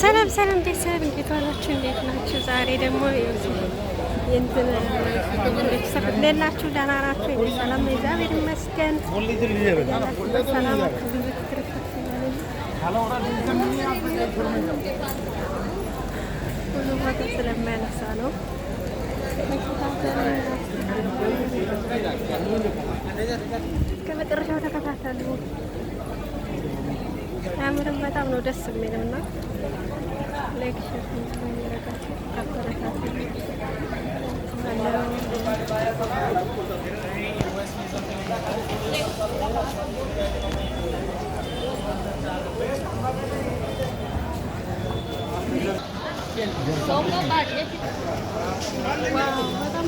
ሰላም ሰላም ቤተሰብ እንዴት ዋላችሁ? እንዴት ናችሁ? ዛሬ ደግሞ ቤተሰብ ሌላችሁ ደህና ናችሁ? ሰላም እግዚአብሔር ይመስገን። ሁሉ ቦታ ስለማያነሳ ነው። ከመጨረሻው ተከታተሉ። አያምርም? በጣም ነው ደስ የሚለው እና ላይክ ሼር የሚያደርጋቸው በጣም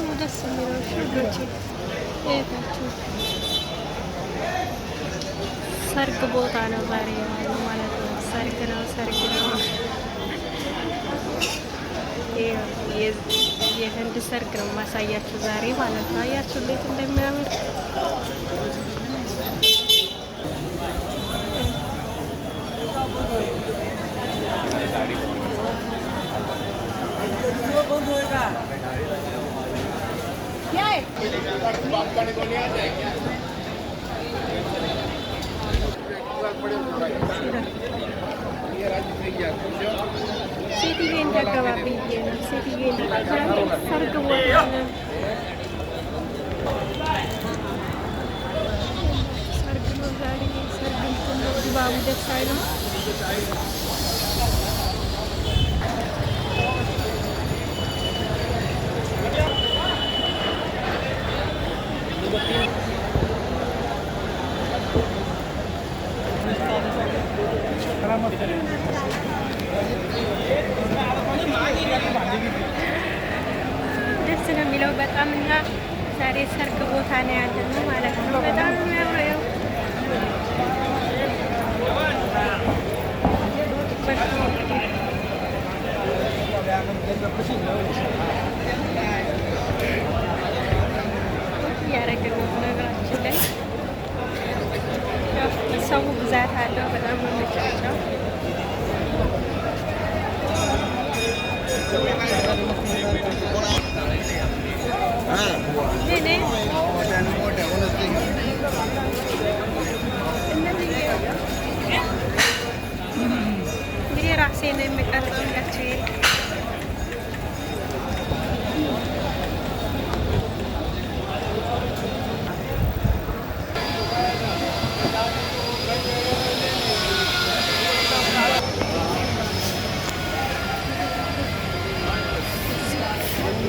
ነው ደስ የሚለው ሽዶቼ ታቸው ሰርግ ቦታ ነው ዛሬ ያለው ማለት ነው። ሰርግ ነው፣ ሰርግ ነው። የህንድ ሰርግ ነው ማሳያችሁ ዛሬ ማለት ነው። አያችሁ እንዴት እንደሚያምር ሴትዬ እንዳገባ ብዬ ነው። ሴትዬ ሰርግ ሰርግ ነው ዛሬ ሰርግ ነው። ድባቡ ደስ አይልም። Gracias. በጣም እና ዛሬ ሰርግ ቦታ ነው ያለነው ማለት ነው። በጣም የሚያምረው ያረገ ነው ነገራችን ላይ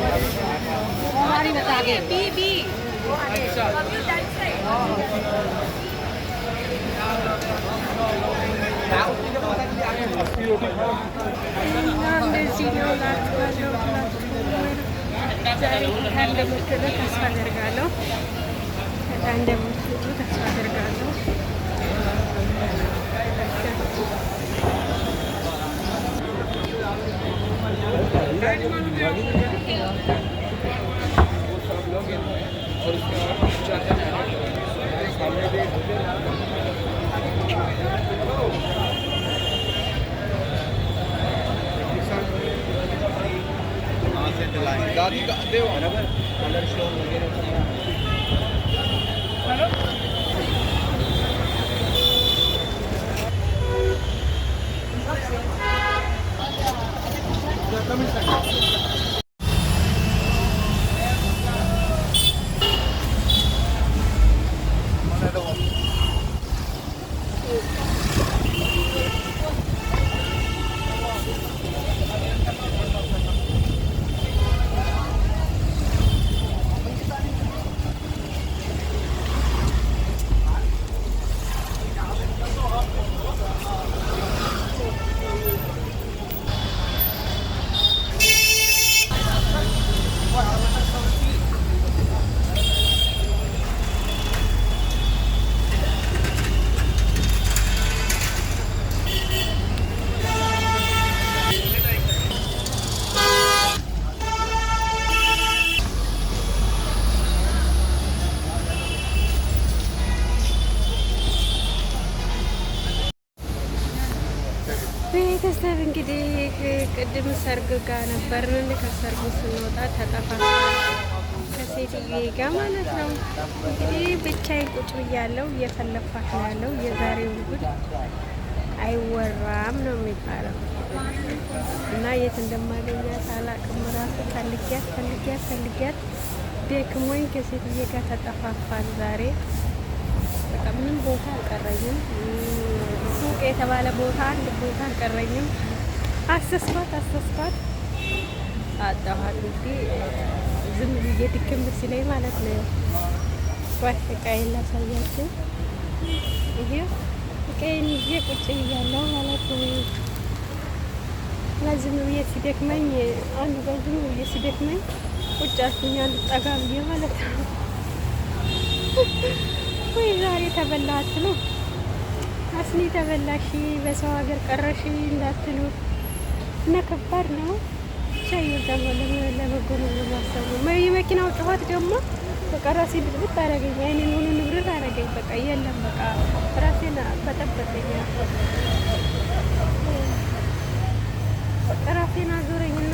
हमारी बता के बी ተስፋ አደርጋለሁ። ગાદી દેવો બરાબર કલર સ્ટોન વગેરે તમે ቤተሰብ እንግዲህ ቅድም ሰርግ ጋር ነበርን። ከሰርጉ ስንወጣ ተጠፋ ከሴትዬ ጋር ማለት ነው። እንግዲህ ብቻዬን ቁጭ ብያለሁ። እየፈለኳት ነው ያለው። የዛሬው ጉድ አይወራም ነው የሚባለው እና የት እንደማገኛት አላቅም። ራሱ ፈልጊያት ፈልጊያት ፈልጊያት ደክሞኝ ከሴትዬ ጋር ተጠፋፋን ዛሬ በቃ ምንም ቦታ አልቀረኝም። ሱቅ የተባለ ቦታ አንድ ቦታ አልቀረኝም። አሰስኳት አሰስኳት አጣኋት። ውዴ ዝም ብዬ ድክም ሲለኝ ማለት ነው። ቆይ እቃዬን ላሳያችሁ። ይሄ እቃዬን ይዤ ቁጭ ብያለሁ ማለት ነው። ዝም ብዬ ሲደክመኝ አንድ ጋር ዝም ብዬ ሲደክመኝ ቁጭ አልኩኝ፣ ልጠጋ ብዬ ማለት ነው። ወይ ዛሬ ተበላሃት ነው አስኒ ተበላሽ፣ በሰው ሀገር ቀረሽ እንዳትሉ እና ከባድ ነው። ሻይ ደግሞ ለበጎ ነው ማሰቡ። የመኪናው ጩኸት ደግሞ በቃ ራሴ ብጥብጥ አደረገኝ። አይኔን ሙሉ ንብርር አደረገኝ። በቃ የለም በቃ ራሴን በጠበቀኝ። ራሴን አዞረኝና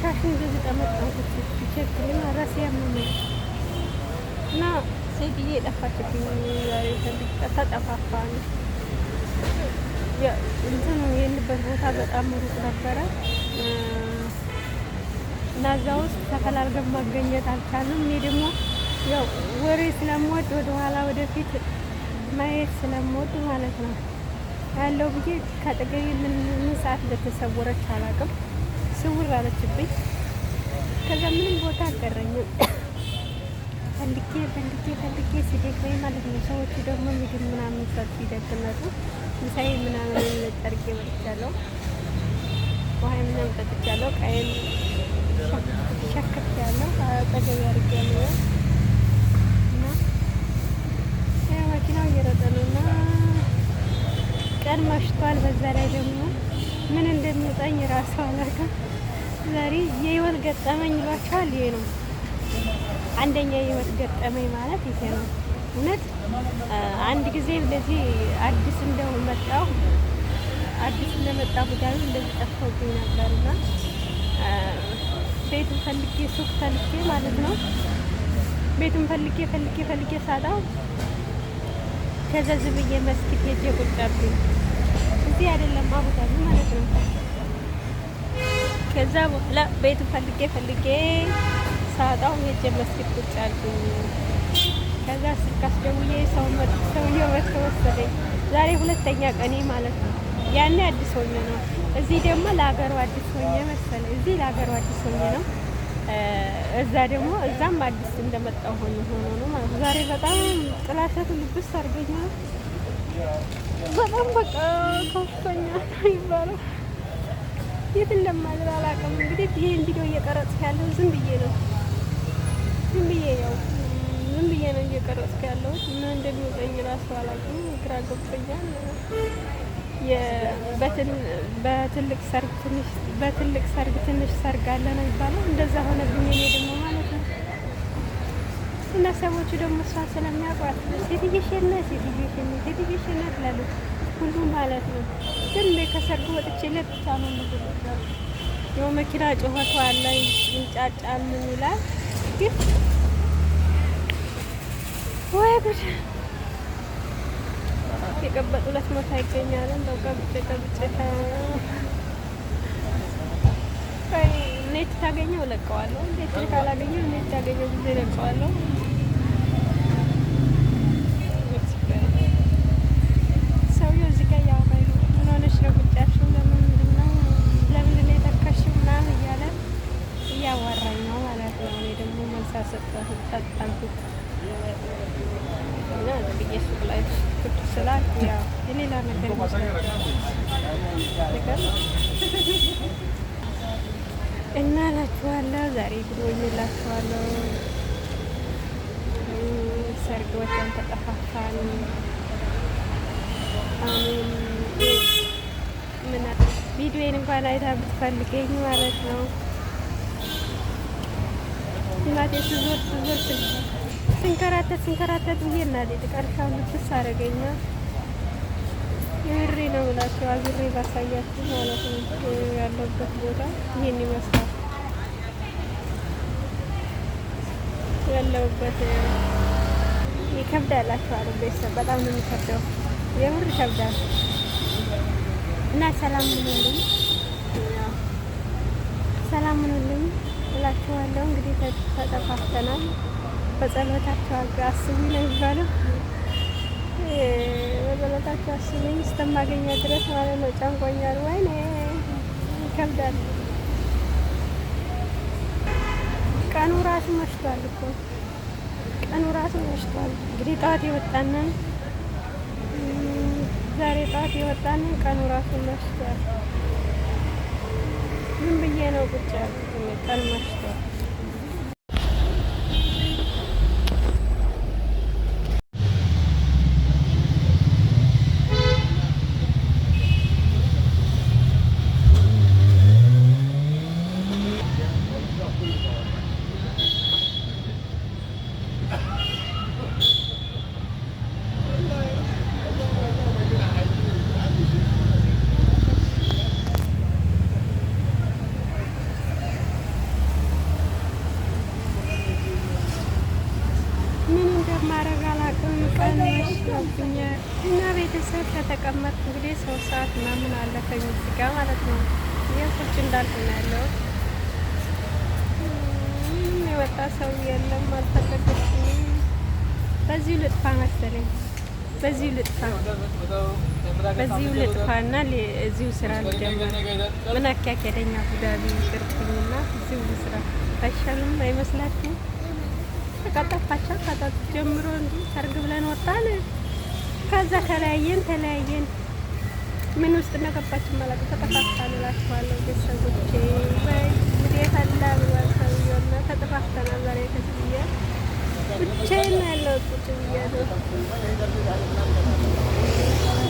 ሻሽን እንደዚህ ጠመጠምኩት ብቸግኝ ራሴ ያመመኝ እና ሴትዬ የጠፋችብኝ ተጠፋፋን። እንትኑ የሄድንበት ቦታ በጣም ሩቅ ነበረ እና እዛ ውስጥ ተፈላልገን ማገኘት አልቻልም እኔ ደግሞ ያው ወሬ ስለምወድ ወደኋላ ወደፊት ማየት ስለምወድ ማለት ነው ያለው ብዬ ከአጠገቤ ምን ሰዓት እንደተሰወረች አላውቅም። ስውር አለችብኝ። ከዛ ምንም ቦታ አልቀረኝም። ፈልጌ ፈልጌ ፈልጌ ስደክመኝ ማለት ነው። ሰዎቹ ደግሞ ምግብ ምናምን ሰጡ ይደግመጡ ምሳዬ ምናምን ጠርጌ ወጥቻለሁ። ውሃ ምናምን ጠጥቻለሁ። ቀይም ሸክፍ ያለው አጠገብ ያርግ ያለው እና መኪናው እየረጠ ነው እና ቀን መሽቷል። በዛ ላይ ደግሞ ምን እንደሚውጠኝ ራሱ አላውቅም። ዛሬ የህይወት ገጠመኝ ይሏቸዋል። ይሄ ነው አንደኛ የህይወት ገጠመኝ ማለት ይሄ ነው። እውነት አንድ ጊዜ እንደዚህ አዲስ እንደው መጣሁ አዲስ እንደመጣሁ ጋር እንደዚህ ጠፍቶብኝ ነበርና ቤትም ፈልጌ ሱቅ ፈልጌ ማለት ነው ቤቱን ፈልጌ ፈልጌ ፈልጌ ሳጣው ከዛ ዝም ብዬ መስጊድ ሄጄ ቁጭ እዚህ አይደለም አቡዳቢ ማለት ነው። ከዛ በኋላ ቤትም ፈልጌ ፈልጌ ሳጣው ሄጀ መስጊድ ቁጭ አልኩኝ። ከዛ ስልክ አስደውዬ ሰው ሰውዬው መጥቶ ወሰደኝ። ዛሬ ሁለተኛ ቀኔ ማለት ነው። ያኔ አዲስ ሆኜ ነው። እዚህ ደግሞ ለሀገሩ አዲስ ሆኜ መሰለ እዚህ ለሀገሩ አዲስ ሆኜ ነው። እዛ ደግሞ እዛም አዲስ እንደመጣው ሆኖ ሆኖ ነው ማለት ዛሬ በጣም ጥላሸቱ ልብስ አድርጎኛል። በጣም በቃ ከፍተኛ ይባላል። የት እንደማድር አላውቅም። እንግዲህ ይሄን ቪዲዮ እየቀረጽ ያለው ዝም ብዬ ነው። ዝም ብዬ ያው ዝም ብዬ ነው እየቀረጽኩ ያለሁት። ምን እንደሚወጠኝ ራሱ አላውቅም፣ ግራ ገብቶኛል። በትልቅ ሰርግ ትንሽ በትልቅ ሰርግ ትንሽ ሰርግ አለ ነው ይባላል። እንደዛ ሆነብኝ እኔ ደግሞ ማለት ነው። እና ሰዎቹ ደግሞ እሷ ስለሚያውቋት ሴትዮሽ የናት ሴትዮሽ የናት ሴትዮሽ ማለት ነው። ግን ከሰርጉ ወጥቼ ለብቻ ነው የምትለው። የመኪና ጩኸቱ አለ ይንጫጫል፣ ይላል ግን ወይ ጉድ የቀበጥ ሁለት መቶ ይገኛል። እንደው ቀብጬ ቀብጬ ኔት ታገኘው ለቀዋለሁ። ኔት ካላገኘው ኔት ታገኘው ጊዜ ለቀዋለሁ። ቪዲዮ ይዤላችኋለሁ። ሰርግ ወጥተን ተጠፋፋን። ምን ቪዲዮዬን እንኳን አይታ ብትፈልገኝ ማለት ነው። እናቴ ስዞር ስዞር ስንከራተት ስንከራተት ብዬ እናቴ ጥቀርሻውን ልብስ አደረገኛ። የምሬ ነው ብላቸው አዙሬ ባሳያችሁ ማለት ነው ያለበት ቦታ ይሄን ይመስላል። ያለሁበት ይከብዳል አላችኋለሁ። ቤተሰብ በጣም ነው የሚከብደው፣ የምር ይከብዳል። እና ሰላም ምንልኝ ሰላም ምንልኝ እላችኋለሁ። እንግዲህ ተጠፋፍተናል። በጸሎታችሁ አስቢ ነው የሚባለው። በጸሎታችሁ አስቢኝ እስከማገኛ ድረስ ማለት ነው። ጨንቆኛል፣ ወይኔ ይከብዳል። ቀኑ ራሱ መሽቷል እኮ ቀኑ ራሱ መሽቷል። እንግዲህ ጠዋት የወጣንን ዛሬ ጠዋት የወጣንን ቀኑ ራሱ መሽቷል። ምን ብዬ ነው ቁጭ ያልኩት? ቀኑ መሽቷል። የሚገኙት እዚህ ማለት ነው። እያልኩች እንዳልኩ ነው ያለው። ምንም የመጣ ሰው የለም። አልፈለገችም። በዚሁ ልጥፋ መሰለኝ። በዚሁ ልጥፋ፣ በዚሁ ልጥፋ እና እዚሁ ስራ ልጀምር። ምን አካኬደኛ አቡዳቢ ቅርብኝና እዚሁ ስራ አይሻልም? አይመስላችሁም? ተቃጠፋቸው ከጣት ጀምሮ እንዲህ ሰርግ ብለን ወጣን። ከዛ ተለያየን ተለያየን ምን ውስጥ እንደገባችን ማለት ተጠፋፍታል እላችኋለሁ ቤተሰቦቼ። ተጠፋፍተናል ዛሬ ከስዬ ብቻዬን ነው ቁጭ ብዬ ነው